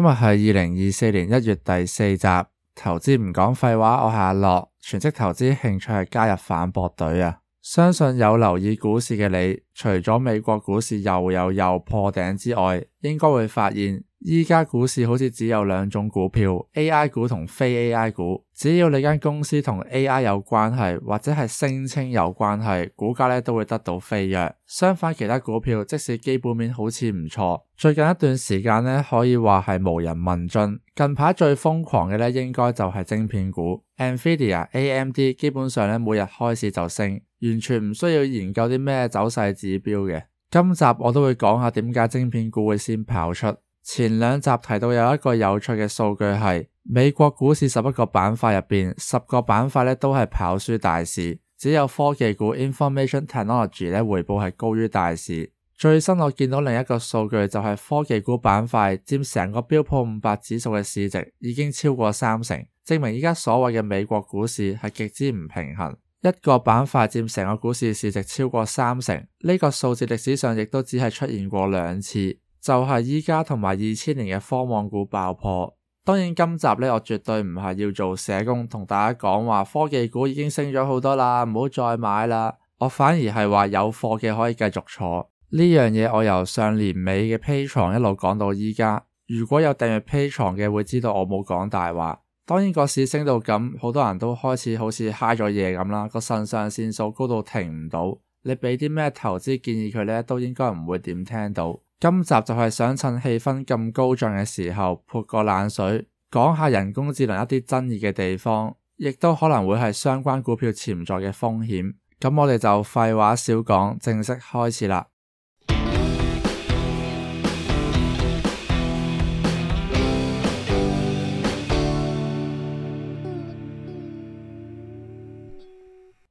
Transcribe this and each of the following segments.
今日係二零二四年一月第四集，投資唔講廢話，我係阿樂，全職投資興趣係加入反駁隊啊！相信有留意股市嘅你，除咗美國股市又又又破頂之外，應該會發現。而家股市好似只有兩種股票，A.I. 股同非 A.I. 股。只要你間公司同 A.I. 有關係或者係聲稱有關係，股價咧都會得到飛躍。相反，其他股票即使基本面好似唔錯，最近一段時間咧可以話係無人問津。近排最瘋狂嘅咧應該就係晶片股，Nvidia、IA, A.M.D. 基本上咧每日開市就升，完全唔需要研究啲咩走勢指標嘅。今集我都會講下點解晶片股會先跑出。前兩集提到有一個有趣嘅數據係，美國股市十一個板塊入邊，十個板塊都係跑輸大市，只有科技股 （Information Technology） 嘅回報係高於大市。最新我見到另一個數據就係科技股板塊佔成個標普五百指數嘅市值已經超過三成，證明依家所謂嘅美國股市係極之唔平衡，一個板塊佔成個股市市值超過三成，呢、這個數字歷史上亦都只係出現過兩次。就係依家同埋二千年嘅科網股爆破。當然今集呢，我絕對唔係要做社工，同大家講話科技股已經升咗好多啦，唔好再買啦。我反而係話有貨嘅可以繼續坐呢樣嘢。我由上年尾嘅 Patreon 一路講到依家。如果有訂閱 Patreon 嘅會知道我冇講大話。當然個市升到咁，好多人都開始好似嗨咗嘢咁啦，個腎上腺素高到停唔到。你俾啲咩投資建議佢呢，都應該唔會點聽到。今集就係想趁氣氛咁高漲嘅時候潑個冷水，講下人工智能一啲爭議嘅地方，亦都可能會係相關股票潛在嘅風險。咁我哋就廢話少講，正式開始啦。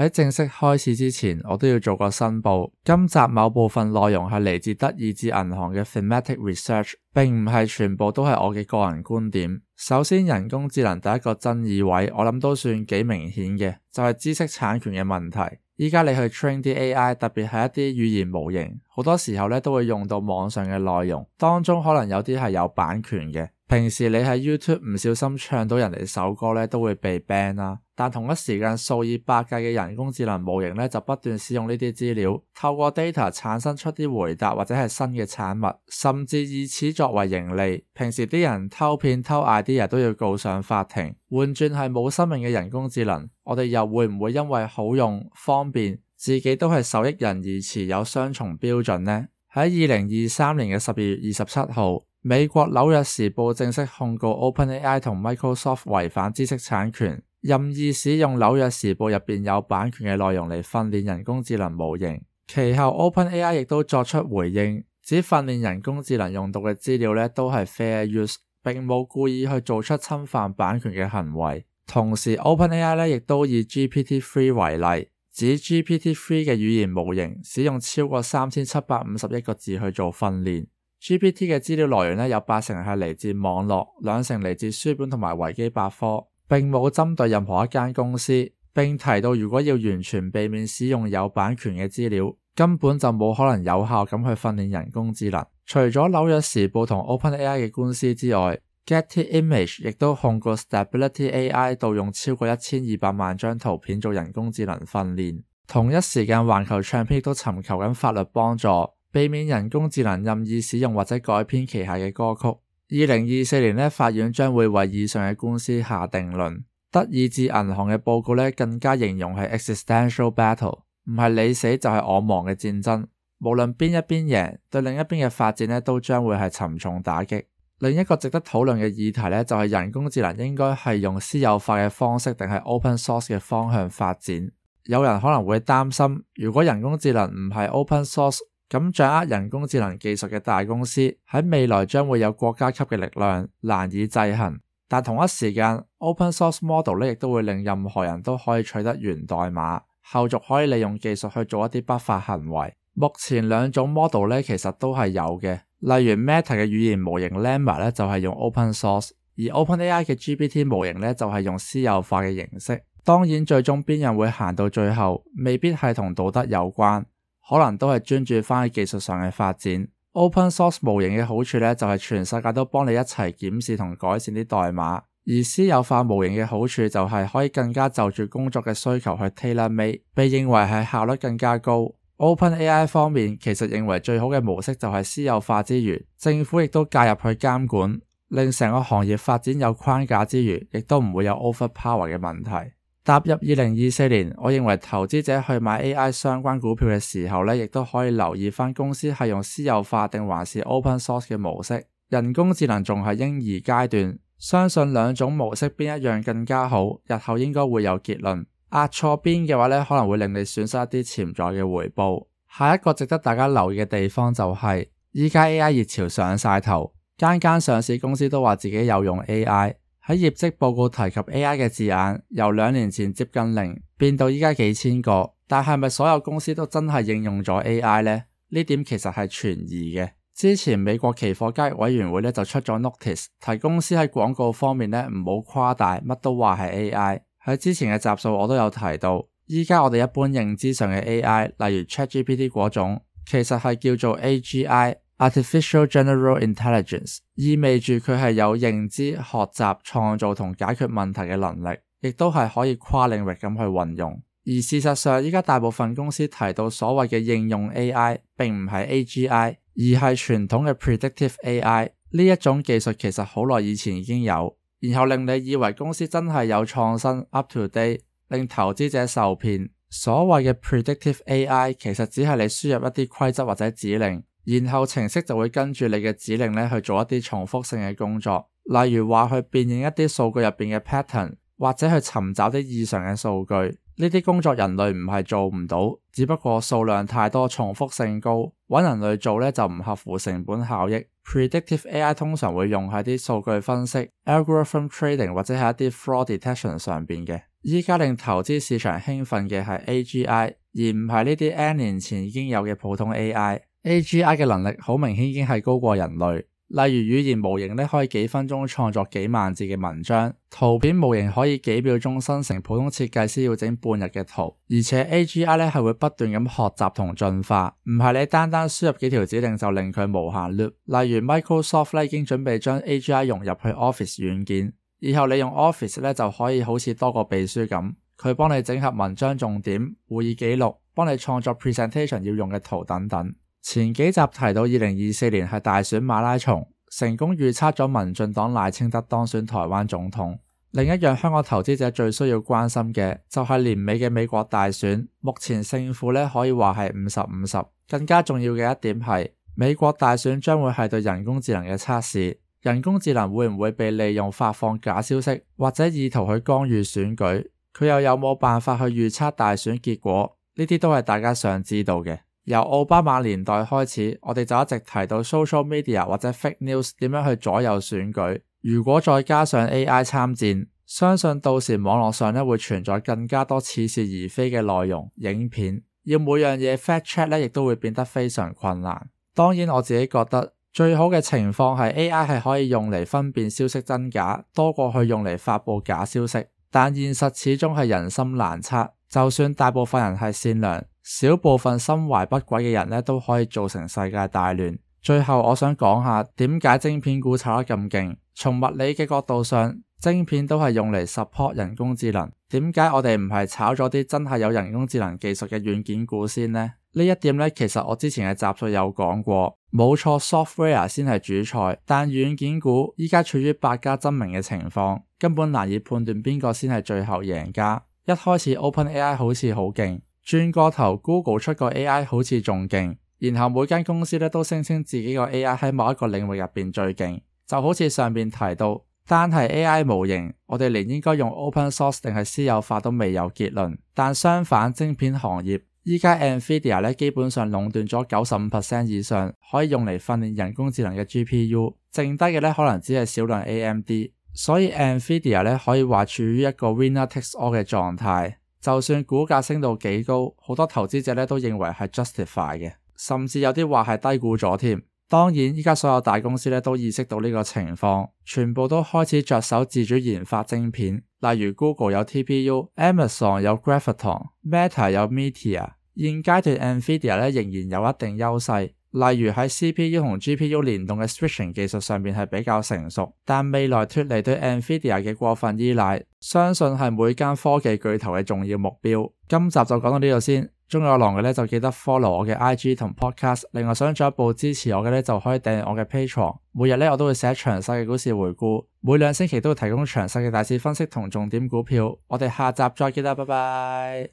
喺正式開始之前，我都要做個申報。今集某部分內容係嚟自德意志銀行嘅 Thematic Research，並唔係全部都係我嘅個人觀點。首先，人工智能第一個爭議位，我諗都算幾明顯嘅，就係知識產權嘅問題。依家你去 train 啲 AI，特別係一啲語言模型，好多時候咧，都會用到網上嘅內容，當中可能有啲係有版權嘅。平時你喺 YouTube 唔小心唱到人哋首歌咧，都會被 ban 啦。但同一時間，數以百計嘅人工智能模型咧，就不斷使用呢啲資料，透過 data 產生出啲回答或者係新嘅產物，甚至以此作為盈利。平時啲人偷片偷 idea 都要告上法庭，換轉係冇生命嘅人工智能，我哋又會唔會因為好用方便，自己都係受益人而持有雙重標準呢？喺二零二三年嘅十二月二十七號。美國紐約時報正式控告 OpenAI 同 Microsoft 違反知識產權，任意使用紐約時報入邊有版權嘅內容嚟訓練人工智能模型。其後，OpenAI 亦都作出回應，指訓練人工智能用到嘅資料呢都係 fair use，並冇故意去做出侵犯版權嘅行為。同時，OpenAI 呢亦都以 GPT-3 為例，指 GPT-3 嘅語言模型使用超過三千七百五十億個字去做訓練。GPT 嘅資料來源呢有八成係嚟自網絡，兩成嚟自書本同埋維基百科，並冇針對任何一間公司，並提到如果要完全避免使用有版權嘅資料，根本就冇可能有效咁去訓練人工智能。除咗紐約時報同 OpenAI 嘅官司之外，Getty Images 亦都控告 Stability AI 盜用超過一千二百萬張圖片做人工智能訓練。同一時間，環球唱片亦都尋求緊法律幫助。避免人工智能任意使用或者改編旗下嘅歌曲。二零二四年呢，法院將會為以上嘅官司下定論。德意志銀行嘅報告咧，更加形容係 existential battle，唔係你死就係我亡嘅戰爭。無論邊一邊贏，對另一邊嘅發展呢，都將會係沉重打擊。另一個值得討論嘅議題呢，就係人工智能應該係用私有化嘅方式，定係 open source 嘅方向發展？有人可能會擔心，如果人工智能唔係 open source。咁掌握人工智能技術嘅大公司喺未來將會有國家級嘅力量難以制衡，但同一時間，open source model 咧亦都會令任何人都可以取得源代碼，後續可以利用技術去做一啲不法行為。目前兩種 model 咧其實都係有嘅，例如 Meta 嘅語言模型 Llama 咧就係用 open source，而 OpenAI 嘅 GPT 模型咧就係用私有化嘅形式。當然，最終邊人會行到最後，未必係同道德有關。可能都係專注返喺技術上嘅發展。Open source 模型嘅好處呢，就係全世界都幫你一齊檢視同改善啲代碼。而私有化模型嘅好處就係可以更加就住工作嘅需求去 tailor made，被認為係效率更加高。Open AI 方面其實認為最好嘅模式就係私有化之餘，政府亦都介入去監管，令成個行業發展有框架之餘，亦都唔會有 overpower 嘅問題。踏入二零二四年，我認為投資者去買 AI 相關股票嘅時候呢，亦都可以留意翻公司係用私有化定還是 Open Source 嘅模式。人工智能仲係嬰兒階段，相信兩種模式邊一樣更加好，日後應該會有結論。壓錯邊嘅話呢，可能會令你損失一啲潛在嘅回報。下一個值得大家留意嘅地方就係、是，依家 AI 熱潮上晒頭，間間上市公司都話自己有用 AI。喺業績報告提及 AI 嘅字眼，由兩年前接近零變到依家幾千個，但係咪所有公司都真係應用咗 AI 呢？呢點其實係存疑嘅。之前美國期貨交易委員會咧就出咗 notice，提公司喺廣告方面咧唔好誇大，乜都話係 AI。喺之前嘅集數我都有提到，依家我哋一般認知上嘅 AI，例如 ChatGPT 嗰種，其實係叫做 AGI。Artificial General Intelligence 意味住佢係有認知、學習、創造同解決問題嘅能力，亦都係可以跨領域咁去運用。而事實上，而家大部分公司提到所謂嘅應用 AI，並唔係 AGI，而係傳統嘅 predictive AI。呢一種技術其實好耐以前已經有，然後令你以為公司真係有創新，up to date，令投資者受騙。所謂嘅 predictive AI 其實只係你輸入一啲規則或者指令。然後程式就會跟住你嘅指令咧去做一啲重複性嘅工作，例如話去辨認一啲數據入邊嘅 pattern，或者去尋找啲異常嘅數據。呢啲工作人類唔係做唔到，只不過數量太多、重複性高，搵人類做咧就唔合乎成本效益。Predictive AI 通常會用喺啲數據分析、algorithm trading 或者係一啲 fraud detection 上邊嘅。依家令投資市場興奮嘅係 AGI，而唔係呢啲 N 年前已經有嘅普通 AI。A.G.I 嘅能力好明顯已經係高過人類，例如語言模型咧可以幾分鐘創作幾萬字嘅文章，圖片模型可以幾秒鐘生成普通設計師要整半日嘅圖，而且 A.G.I 咧係會不斷咁學習同進化，唔係你單單輸入幾條指令就令佢無限 loop。例如 Microsoft 咧已經準備將 A.G.I 融入去 Office 軟件，以後你用 Office 咧就可以好似多個秘書咁，佢幫你整合文章重點、會議記錄，幫你創作 presentation 要用嘅圖等等。前幾集提到，二零二四年係大選馬拉松，成功預測咗民進黨賴清德當選台灣總統。另一樣香港投資者最需要關心嘅，就係年尾嘅美國大選，目前勝負咧可以話係五十五十。更加重要嘅一點係，美國大選將會係對人工智能嘅測試，人工智能會唔會被利用發放假消息，或者意圖去干預選舉？佢又有冇辦法去預測大選結果？呢啲都係大家想知道嘅。由奧巴馬年代開始，我哋就一直提到 social media 或者 fake news 點樣去左右選舉。如果再加上 AI 參戰，相信到時網絡上咧會存在更加多似是而非嘅內容、影片，要每樣嘢 fact check 咧，亦都會變得非常困難。當然，我自己覺得最好嘅情況係 AI 係可以用嚟分辨消息真假，多過去用嚟發佈假消息。但現實始終係人心難測。就算大部分人係善良，小部分心懷不軌嘅人呢，都可以造成世界大亂。最後我想講下點解晶片股炒得咁勁。從物理嘅角度上，晶片都係用嚟 support 人工智能。點解我哋唔係炒咗啲真係有人工智能技術嘅軟件股先呢？呢一點呢，其實我之前嘅集數有講過，冇錯，software 先係主菜。但軟件股依家處於百家爭鳴嘅情況，根本難以判斷邊個先係最後贏家。一開始 OpenAI 好似好勁，轉個頭 Google 出個 AI 好似仲勁，然後每間公司咧都聲稱自己個 AI 喺某一個領域入邊最勁。就好似上面提到，單係 AI 模型，我哋連應該用 open source 定係私有化都未有結論。但相反，晶片行業依家 NVIDIA 咧基本上壟斷咗九十五 percent 以上，可以用嚟訓練人工智能嘅 GPU，剩低嘅咧可能只係少量 AMD。所以 NVIDIA 咧可以話處於一個 winner takes all 嘅狀態，就算股價升到幾高，好多投資者咧都認為係 justify 嘅，甚至有啲話係低估咗添。當然，依家所有大公司咧都意識到呢個情況，全部都開始着手自主研發晶片，例如 Google 有 TPU，Amazon 有 Graviton，Meta 有 Meteor。現階段 NVIDIA 咧仍然有一定優勢。例如喺 CPU 同 GPU 聯動嘅 Switching 技術上面係比較成熟，但未來脫離對 NVIDIA 嘅過分依賴，相信係每間科技巨頭嘅重要目標。今集就講到呢度先，中意我龍嘅呢就記得 follow 我嘅 IG 同 Podcast，另外想進一步支持我嘅呢就可以訂閱我嘅 Patreon。每日呢我都會寫詳細嘅股市回顧，每兩星期都會提供詳細嘅大市分析同重點股票。我哋下集再見啦，拜拜。